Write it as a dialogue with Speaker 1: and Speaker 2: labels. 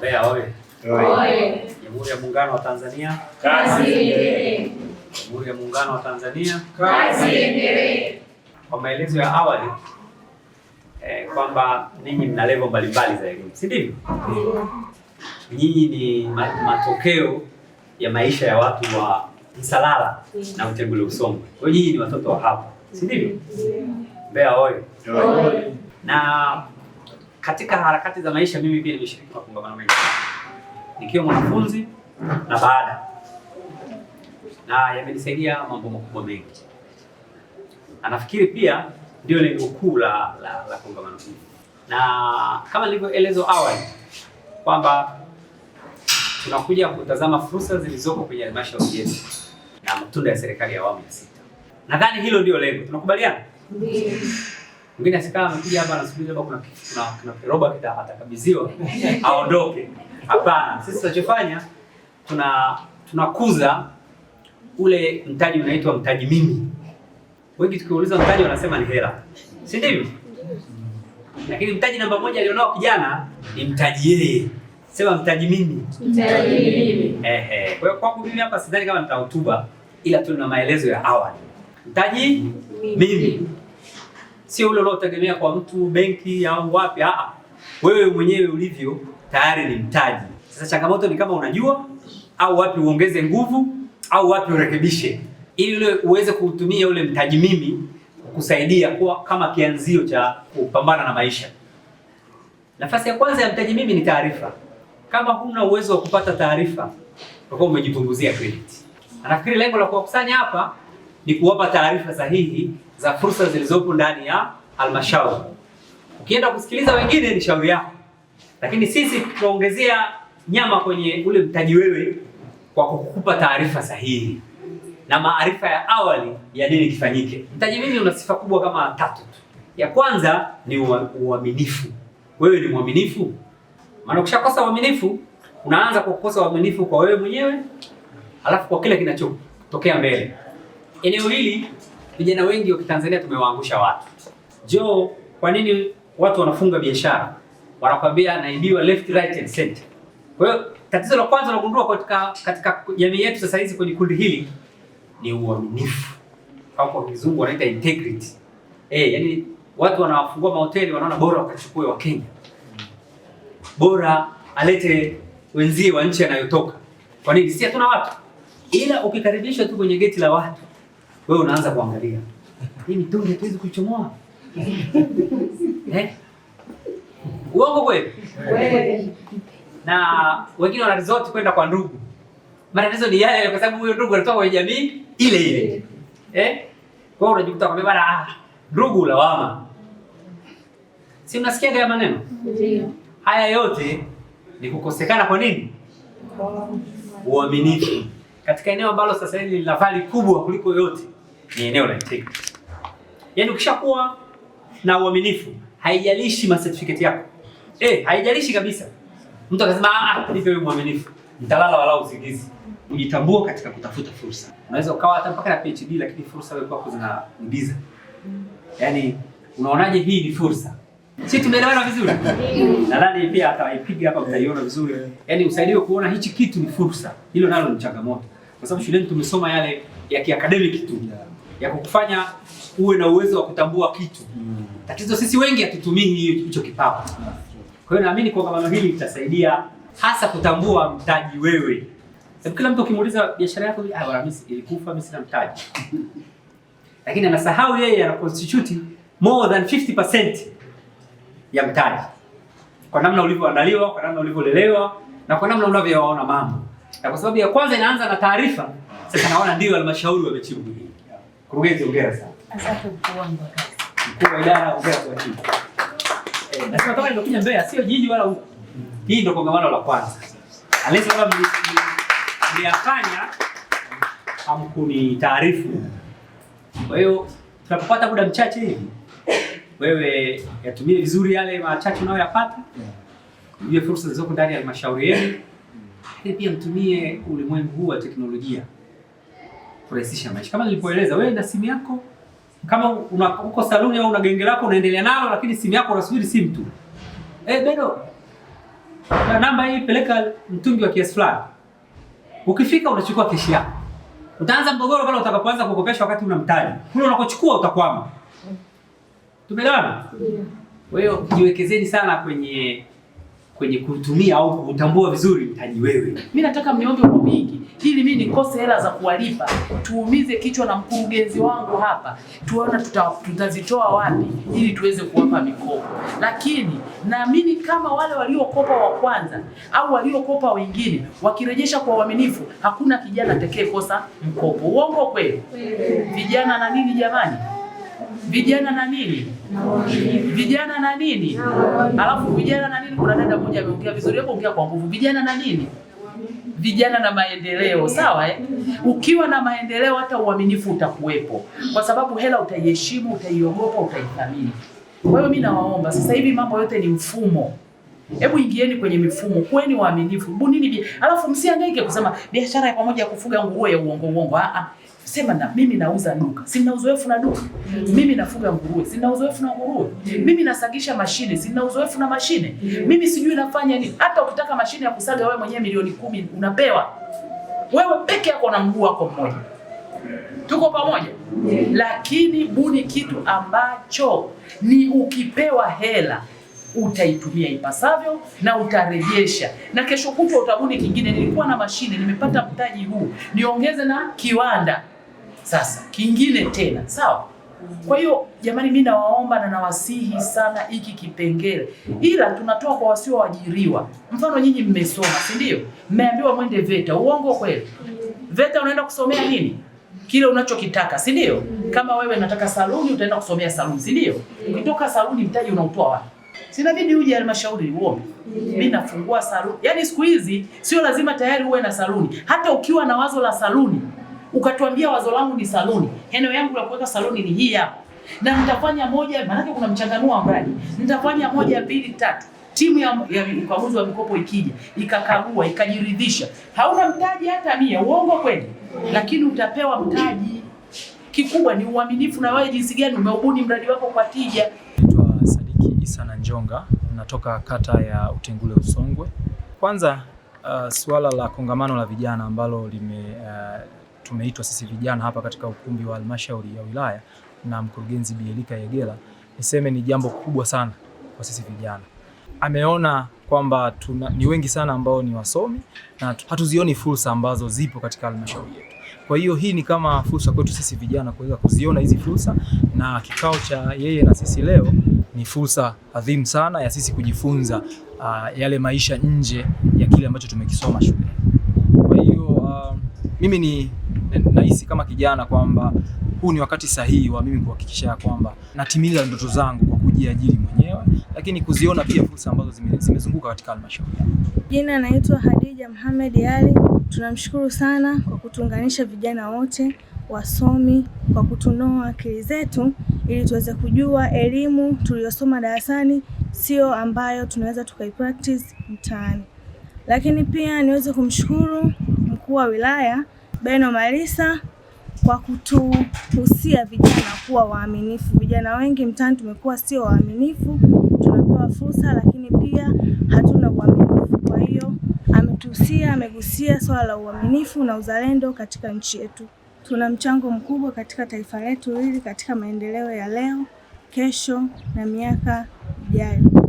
Speaker 1: Mbeya oye! Jamhuri ya Muungano wa Tanzania,
Speaker 2: kazi endelee!
Speaker 1: Jamhuri ya Muungano wa Tanzania,
Speaker 2: kazi endelee!
Speaker 1: Kwa maelezo ya awali eh, kwamba ninyi mna level mbalimbali za elimu, si ndivyo? Nyinyi ni matokeo ya maisha ya watu wa Msalala na Utegule Usongwe. Kwa hiyo nyinyi ni watoto wa hapa, si ndivyo?
Speaker 3: Mbeya oye!
Speaker 2: na
Speaker 1: katika harakati za maisha mimi pia nimeshiriki makongamano mengi nikiwa mwanafunzi na baada, na yamenisaidia mambo makubwa mengi, na nafikiri pia ndio lengo kuu la, la, la kongamano hili, na kama nilivyoelezwa awali kwamba tunakuja kutazama fursa zilizoko kwenye halmashauri yetu na matunda ya serikali ya awamu ya sita. Nadhani hilo ndio lengo, tunakubaliana? Ndiyo. Mwingine asikaa anakuja hapa anasubiri labda kuna kuna kuna kiroba kita atakabidhiwa aondoke. Hapana, sisi tunachofanya tuna tunakuza ule mtaji unaitwa mtaji mimi. Wengi tukiuliza mtaji wanasema ni hela. Si ndivyo? Lakini mtaji namba moja alionao kijana ni mtaji yeye. Sema mtaji mimi. Mtaji mimi. Ehe. Kwa hiyo kwangu mimi hapa sidhani kama nitahutuba ila tu na maelezo ya awali. Mtaji mimi sio ule unaotegemea kwa mtu benki au wapi. Ah, ah, wewe mwenyewe ulivyo tayari ni mtaji. Sasa changamoto ni kama unajua au wapi uongeze nguvu au wapi urekebishe, ili ule uweze kutumia ule mtaji mimi kukusaidia kuwa kama kianzio cha kupambana na maisha. Nafasi ya kwanza ya mtaji mimi ni taarifa. Kama huna uwezo wa kupata taarifa, utakuwa umejipunguzia credit. Nafikiri lengo la kuwakusanya hapa ni kuwapa taarifa sahihi za fursa zilizopo ndani ya halmashauri. Ukienda kusikiliza wengine ni shauri yako, lakini sisi tunaongezea nyama kwenye ule mtaji wewe kwa kukupa taarifa sahihi na maarifa ya awali ya nini kifanyike. Mtaji mimi una sifa kubwa kama tatu tu. Ya kwanza ni uaminifu. Wewe ni mwaminifu? Maana ukishakosa uaminifu, unaanza kwa kukosa uaminifu kwa wewe mwenyewe, alafu kwa kile kinachotokea mbele. Eneo hili vijana wengi wa Kitanzania tumewaangusha watu. Jo, kwa nini watu wanafunga biashara? Wanakwambia naibiwa left, right and center. Kwa hiyo tatizo la kwanza nagundua katika katika jamii yetu sasa hizi kwenye kundi hili ni uaminifu. Au kwa kizungu wanaita integrity. Eh, yani watu wanawafungua mahoteli wanaona bora wakachukue wa Kenya. Bora alete wenzie wa nchi anayotoka. Kwa nini? Si hatuna watu. Ila ukikaribishwa tu kwenye geti la watu wewe unaanza kuangalia hii mitungi hatuwezi kuchomoa. eh? Uongo kweli? Kweli. na wengine wana resort kwenda kwa ndugu, matatizo ni yale, kwa sababu huyo ndugu anatoka kwenye jamii ile ile eh? Kwa hiyo unajikuta kwamba bwana, ah, ndugu lawama. Si unasikia haya maneno? Ndio.
Speaker 3: Haya yote
Speaker 1: ni kukosekana kwa nini?
Speaker 3: Uaminifu
Speaker 1: katika eneo ambalo sasa hivi lina vali kubwa kuliko yote ni eneo la integrity. Yaani ukishakuwa na uaminifu, haijalishi ma certificate yako. Eh, haijalishi kabisa. Mtu akasema ah, ah nipe wewe mwaminifu. Mtalala wala usingizi. Ujitambue katika kutafuta fursa. Unaweza ukawa hata mpaka na PhD lakini fursa wewe kwako zina mbiza. Yaani unaonaje hii ni fursa? Si tumeelewana vizuri? Nadhani pia hata hapa mtaiona vizuri. Yaani usaidie kuona hichi kitu ni fursa. Hilo nalo ni changamoto. Kwa sababu shuleni tumesoma yale ya kiakademiki tu ya kukufanya uwe na uwezo wa kutambua kitu. Hmm. Tatizo sisi wengi hatutumii hicho kipawa. Kwa hiyo naamini kongamano hili litasaidia hasa kutambua mtaji wewe. Sababu kila mtu ukimuuliza biashara yako, ah, bwana mimi ilikufa, mimi sina mtaji. Lakini anasahau yeye ana constitute more than 50% ya mtaji. Kwa namna ulivyoandaliwa, kwa namna ulivyolelewa na kwa namna unavyoona mambo. Na kwa sababu ya kwanza inaanza na taarifa, sasa naona ndio halmashauri wamechimba. Mkurugenzi, hongera sana.
Speaker 3: Asante mkuu wangu wa kazi.
Speaker 1: Mkuu wa idara, hongera kwa chini. Eh, nasema kama nimekuja Mbeya sio jiji wala huko. Hii ndio kongamano la kwanza. Alisema kama mliyafanya hamkuni taarifu. Kwa hiyo tunapopata muda mchache hivi wewe yatumie vizuri yale machache unayoyapata, ujue fursa zilizoko ndani ya halmashauri yenu, pia mtumie ulimwengu huu wa teknolojia kurahisisha maisha. Kama nilivyoeleza, wewe na simu yako, kama una, uko saluni au una genge lako unaendelea nalo, lakini simu yako unasubiri simu tu. Eh, Beno, na namba hii, peleka mtungi wa kiasi fulani, ukifika unachukua keshi yako. Utaanza mgogoro pale utakapoanza kukopesha wakati una mtaji kule unakochukua utakwama. Tumeelewana? Kwa hiyo jiwekezeni sana kwenye kwenye kutumia au kutambua vizuri mtaji wewe. Mimi nataka mniombe kwa wingi ili mimi nikose hela za kuwalipa. Tuumize kichwa na mkurugenzi wangu hapa, tuona tuta, tutazitoa wapi ili tuweze kuwapa mikopo, lakini naamini kama wale waliokopa wa kwanza au waliokopa wengine wakirejesha kwa uaminifu, hakuna kijana atakayekosa mkopo. Uongo kweli? Vijana na nini jamani? vijana na nini, vijana na nini, alafu vijana na nini. Kuna dada mmoja ameongea vizuri hapo, ongea kwa nguvu, vijana na nini vijana na maendeleo, sawa eh? Ukiwa na maendeleo hata uaminifu utakuwepo, kwa sababu hela utaiheshimu, utaiogopa, utaithamini. Kwa hiyo mimi nawaomba sasa hivi mambo yote ni mfumo. Hebu ingieni kwenye mifumo, kweni waaminifu, bunini. Alafu msiangaike kusema biashara ya pamoja ya kufuga nguo ya uongo uongo, ah ah sema na mimi nauza duka, sina uzoefu na duka mm -hmm. mimi nafuga nguruwe, sina uzoefu na nguruwe mm -hmm. mimi nasagisha mashine, sina uzoefu na mashine mm -hmm. mimi sijui nafanya nini. Hata ukitaka mashine ya kusaga wewe mwenyewe milioni kumi unapewa wewe peke yako na mguu wako mmoja. Tuko pamoja mm -hmm. Lakini buni kitu ambacho ni ukipewa hela utaitumia ipasavyo na utarejesha, na kesho kutwa utabuni kingine. Nilikuwa na mashine, nimepata mtaji huu, niongeze na kiwanda. Sasa kingine tena, sawa. Kwa hiyo jamani, mimi nawaomba na nawasihi sana hiki kipengele, ila tunatoa kwa wasioajiriwa. Mfano nyinyi mmesoma, si ndio? Mmeambiwa mwende VETA, uongo kweli? VETA unaenda kusomea nini? Kile unachokitaka, si ndio? Kama wewe nataka saluni, utaenda kusomea saluni, si ndio? Ukitoka saluni, mtaji unautoa wapi? Sinabidi uje halmashauri uombe. Mimi nafungua saluni. Yaani siku hizi sio lazima tayari uwe na saluni, hata ukiwa na wazo la saluni ukatuambia wazo langu ni saluni, eneo yangu la kuweka saluni ni hii hapa, na nitafanya moja, maanake kuna mchanganuo wa mradi, nitafanya moja mbili tatu timu ya, ya ukaguzi wa mikopo ikija ikakagua ikajiridhisha, hauna mtaji hata mia. Uongo kweli? Lakini utapewa mtaji. Kikubwa ni uaminifu na wewe jinsi gani umeubuni mradi wako kwa tija.
Speaker 4: Naitwa Sadiki Isa na Njonga, natoka kata ya Utengule Usongwe. Kwanza uh, suala la kongamano la vijana ambalo lime uh, tumeitwa sisi vijana hapa katika ukumbi wa halmashauri ya wilaya na mkurugenzi Bielika Yegela, niseme ni jambo kubwa sana kwa sisi vijana. Ameona kwamba tuna, ni wengi sana ambao ni wasomi na hatuzioni fursa ambazo zipo katika halmashauri yetu. Kwa hiyo hii ni kama fursa kwetu sisi vijana kuweza kuziona hizi fursa, na kikao cha yeye na sisi leo ni fursa adhimu sana ya sisi kujifunza uh, yale maisha nje ya kile ambacho tumekisoma shule. Kwa hiyo uh, mimi ni nahisi kama kijana kwamba huu ni wakati sahihi wa mimi kuhakikisha kwamba natimiza ndoto zangu kwa kujiajiri mwenyewe, lakini kuziona pia fursa ambazo zimezunguka katika halmashauri.
Speaker 5: Jina naitwa Hadija Mohamed Ali. Tunamshukuru sana kwa kutuunganisha vijana wote wasomi kwa kutunoa akili zetu ili tuweze kujua elimu tuliyosoma darasani sio ambayo tunaweza tukaipractice mtaani. Lakini pia niweze kumshukuru mkuu wa wilaya Beno Malisa kwa kutuhusia vijana kuwa waaminifu. Vijana wengi mtaani tumekuwa sio waaminifu, tunapewa fursa lakini pia hatuna uaminifu. Kwa hiyo ametuhusia, amegusia swala la uaminifu na uzalendo katika nchi yetu. Tuna mchango mkubwa katika taifa letu hili, katika maendeleo ya leo, kesho na miaka ijayo.